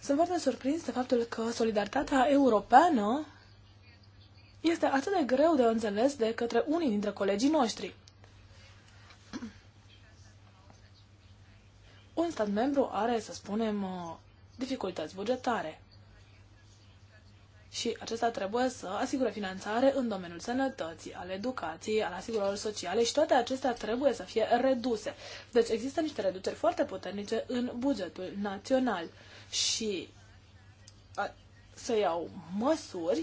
Sunt foarte surprins de faptul că solidaritatea europeană este atât de greu de înțeles de către unii dintre colegii noștri. Un stat membru are, să spunem, eh, dificultăți bugetare și acesta trebuie să asigure finanțare în domeniul sănătății, al educației, al asigurărilor sociale și toate acestea trebuie să fie reduse. Deci există niște reduceri foarte puternice în bugetul național și a, să iau măsuri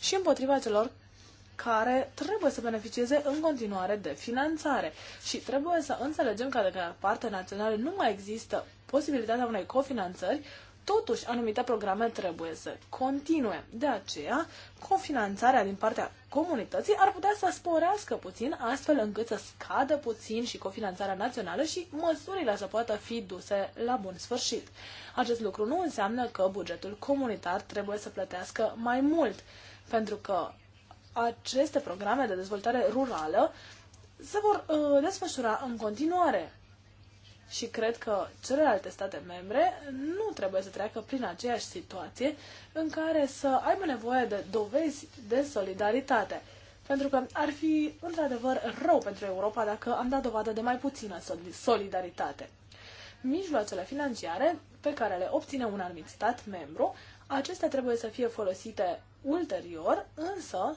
și împotriva celor care trebuie să beneficieze în continuare de finanțare. Și trebuie să înțelegem că de partea națională nu mai există posibilitatea unei cofinanțări Totuși, anumite programe trebuie să continue. De aceea, cofinanțarea din partea comunității ar putea să sporească puțin, astfel încât să scadă puțin și cofinanțarea națională și măsurile să poată fi duse la bun sfârșit. Acest lucru nu înseamnă că bugetul comunitar trebuie să plătească mai mult, pentru că aceste programe de dezvoltare rurală se vor uh, desfășura în continuare și cred că celelalte state membre nu trebuie să treacă prin aceeași situație în care să aibă nevoie de dovezi de solidaritate. Pentru că ar fi într-adevăr rău pentru Europa dacă am dat dovadă de mai puțină solidaritate. Mijloacele financiare pe care le obține un anumit stat membru, acestea trebuie să fie folosite ulterior, însă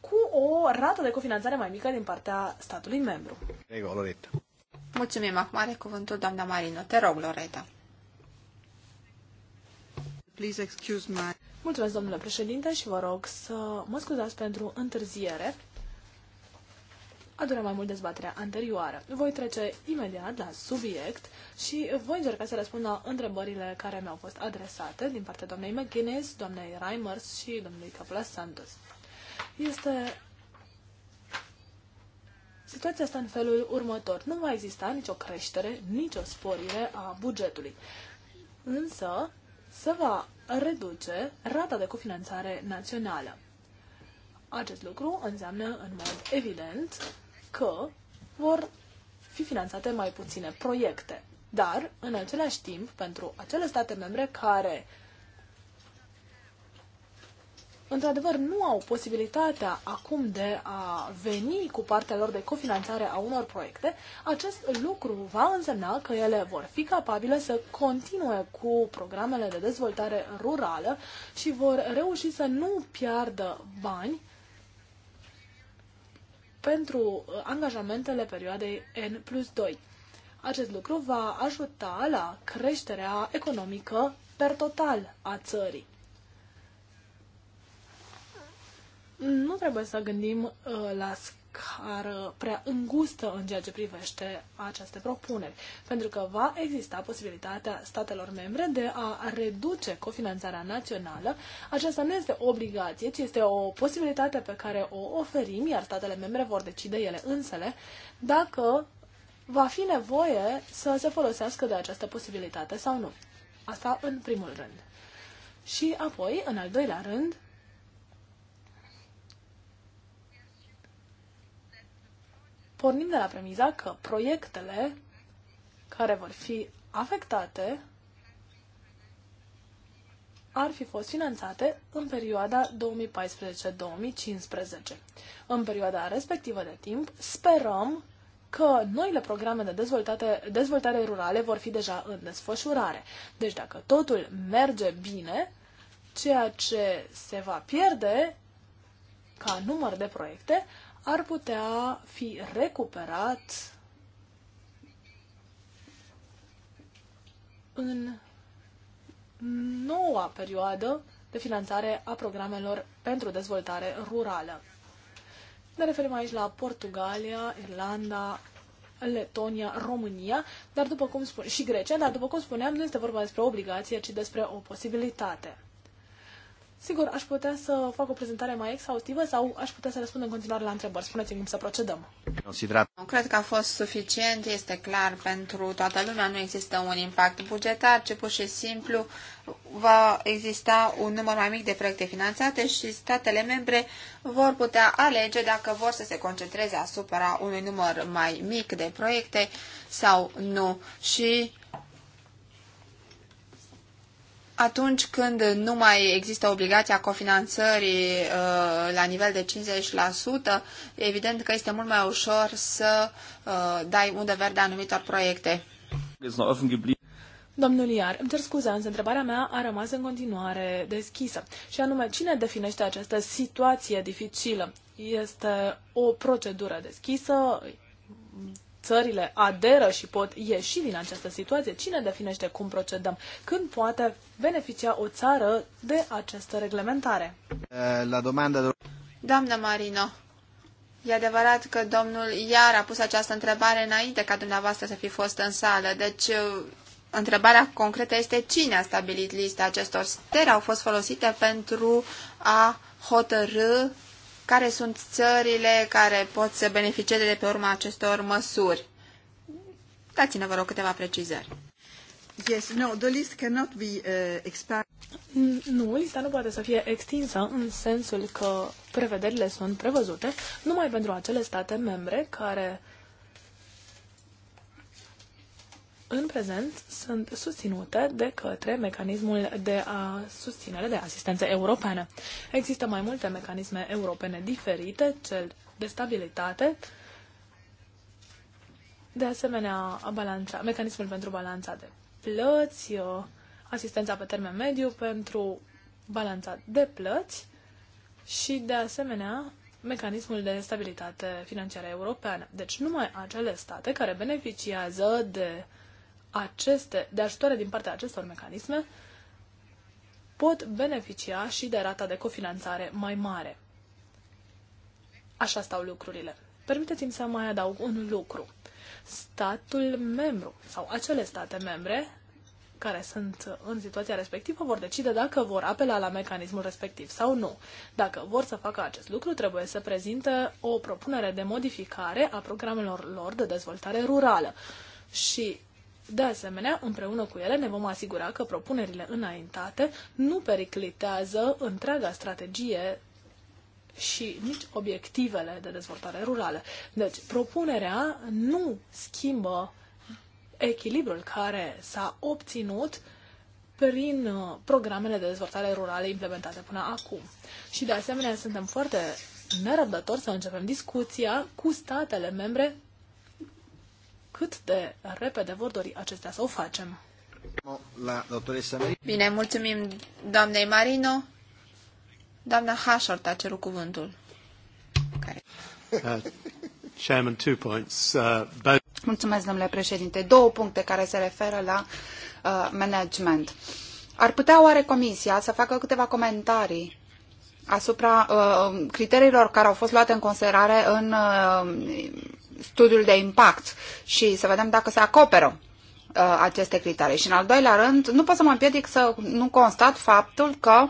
cu o rată de cofinanțare mai mică din partea statului membru. Prego, Mulțumim. Acum are cuvântul doamna Marino. Te rog, Loreta. Please excuse my... Mulțumesc, domnule președinte, și vă rog să mă scuzați pentru întârziere. A durat mai mult dezbaterea anterioară. Voi trece imediat la subiect și voi încerca să răspund la întrebările care mi-au fost adresate din partea doamnei McGuinness, doamnei Reimers și domnului Capula Santos. Este Situația asta în felul următor. Nu va exista nicio creștere, nicio sporire a bugetului. Însă se va reduce rata de cofinanțare națională. Acest lucru înseamnă în mod evident că vor fi finanțate mai puține proiecte. Dar, în același timp, pentru acele state membre care într-adevăr, nu au posibilitatea acum de a veni cu partea lor de cofinanțare a unor proiecte, acest lucru va însemna că ele vor fi capabile să continue cu programele de dezvoltare rurală și vor reuși să nu piardă bani pentru uh, angajamentele perioadei N plus 2. Acest lucru va ajuta la creșterea economică per total a țării. nu trebuie să gândim uh, la scară prea îngustă în ceea ce privește aceste propuneri, pentru că va exista posibilitatea statelor membre de a reduce cofinanțarea națională. Aceasta nu este obligație, ci este o posibilitate pe care o oferim, iar statele membre vor decide ele însele dacă va fi nevoie să se folosească de această posibilitate sau nu. Asta în primul rând. Și apoi, în al doilea rând, pornim de la premiza că proiectele care vor fi afectate ar fi fost finanțate în perioada 2014-2015. În perioada respectivă de timp, sperăm că noile programe de dezvoltare, dezvoltare rurale vor fi deja în desfășurare. Deci dacă totul merge bine, ceea ce se va pierde ca număr de proiecte ar putea fi recuperat în noua perioadă de finanțare a programelor pentru dezvoltare rurală. Ne referim aici la Portugalia, Irlanda, Letonia, România, dar după cum spun, și Grecia, dar după cum spuneam, nu este vorba despre obligație, ci despre o posibilitate. Sigur, aș putea să fac o prezentare mai exhaustivă sau aș putea să răspund în continuare la întrebări. Spuneți-mi cum să procedăm. Nu Cred că a fost suficient, este clar pentru toată lumea. Nu există un impact bugetar, ci pur și simplu va exista un număr mai mic de proiecte finanțate și statele membre vor putea alege dacă vor să se concentreze asupra unui număr mai mic de proiecte sau nu. Și atunci când nu mai există obligația cofinanțării uh, la nivel de 50%, evident că este mult mai ușor să uh, dai unde verde anumitor proiecte. Domnul Iar, îmi cer scuze, însă întrebarea mea a rămas în continuare deschisă. Și anume, cine definește această situație dificilă? Este o procedură deschisă, țările aderă și pot ieși din această situație? Cine definește cum procedăm? Când poate beneficia o țară de această reglementare? Eh, la domanda de... Doamna Marino, e adevărat că domnul iar a pus această întrebare înainte ca dumneavoastră să fi fost în sală, deci eh, întrebarea concretă este cine a stabilit lista acestor stere au fost folosite pentru a hotărâ care sunt țările care pot să beneficieze de pe urma acestor măsuri. Dați-ne, vă rog, câteva precizări. Yes, no, the list cannot be uh, expanded. Nu, lista nu poate să fie extinsă în sensul că prevederile sunt prevăzute numai pentru acele state membre care uh, în prezent sunt susținute de către mecanismul de a susținere de asistență europeană. Există mai multe mecanisme europene diferite, cel de stabilitate, de asemenea balanța, mecanismul pentru balanța de plăți, uh, asistența pe termen mediu pentru balanța de plăți și, de asemenea, mecanismul de stabilitate financiară europeană. Deci numai acele state care beneficiază de aceste, de ajutoare din partea acestor mecanisme pot beneficia și de rata de cofinanțare mai mare. Așa stau lucrurile. Permiteți-mi să mai adaug un lucru. Statul membru sau acele state membre care sunt în situația respectivă vor decide dacă vor apela la mecanismul respectiv sau nu. Dacă vor să facă acest lucru, trebuie să prezinte o propunere de modificare a programelor lor de dezvoltare rurală. Și de asemenea, împreună cu ele ne vom asigura că propunerile înaintate nu periclitează întreaga strategie și nici obiectivele de dezvoltare rurală. Deci, propunerea nu schimbă echilibrul care s-a obținut prin uh, programele de dezvoltare rurale implementate până acum. Și de asemenea suntem foarte nerăbdători să începem discuția cu statele membre cât de repede vor dori acestea să o facem. Bine, mulțumim doamnei Marino. Doamna Hashort a cerut cuvântul. Okay. Uh, chairman, two points. Uh, both... Mulțumesc, domnule președinte. Două puncte care se referă la uh, management. Ar putea oare comisia să facă câteva comentarii asupra uh, criteriilor care au fost luate în considerare în uh, studiul de impact și să vedem dacă se acoperă uh, aceste criterii. Și în al doilea rând, nu pot să mă împiedic să nu constat faptul că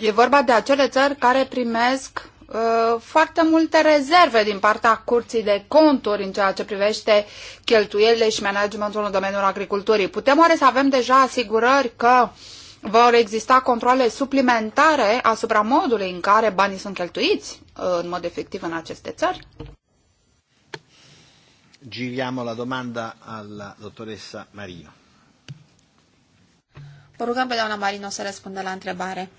e vorba de acele țări care primesc uh, foarte multe rezerve din partea curții de conturi în ceea ce privește cheltuielile și managementul în domeniul agriculturii. Putem oare să avem deja asigurări că uh, vor exista controle suplimentare asupra modului în care banii sunt cheltuiți uh, în mod efectiv în aceste țări? Giriamo la domanda alla dottoressa Marino. Vă rugăm pe doamna Marino să răspundă la întrebare.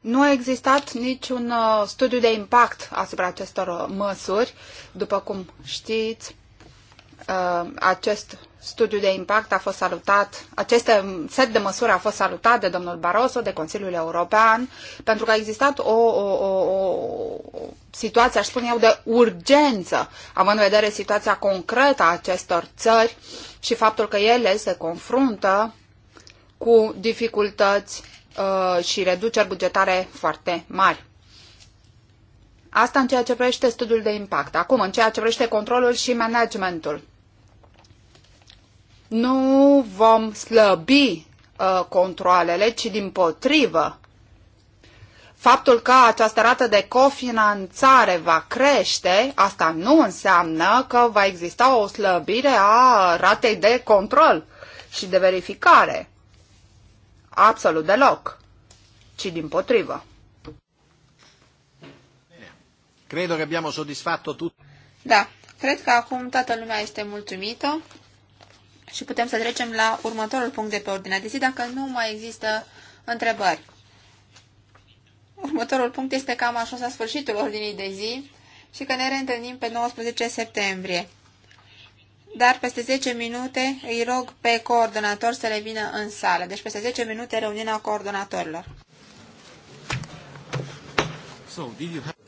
Nu a existat niciun uh, studiu de impact asupra acestor uh, măsuri. După cum știți, acest Studiul de impact a fost salutat, acest set de măsuri a fost salutat de domnul Barroso, de Consiliul European, pentru că a existat o, o, o, o situație, aș spune eu, de urgență, având în vedere situația concretă a acestor țări și faptul că ele se confruntă cu dificultăți uh, și reduceri bugetare foarte mari. Asta în ceea ce privește studiul de impact. Acum, în ceea ce privește controlul și managementul nu vom slăbi uh, controlele, ci din potrivă. Faptul că această rată de cofinanțare va crește, asta nu înseamnă că va exista o slăbire a ratei de control și de verificare. Absolut deloc, ci din potrivă. Credo că abbiamo soddisfatto tutti. Da, cred că acum toată lumea este mulțumită și putem să trecem la următorul punct de pe ordinea de zi dacă nu mai există întrebări. Următorul punct este că am ajuns la sfârșitul ordinii de zi și că ne reîntâlnim pe 19 septembrie. Dar peste 10 minute îi rog pe coordonator să le vină în sală. Deci peste 10 minute reuniunea coordonatorilor. So, did you have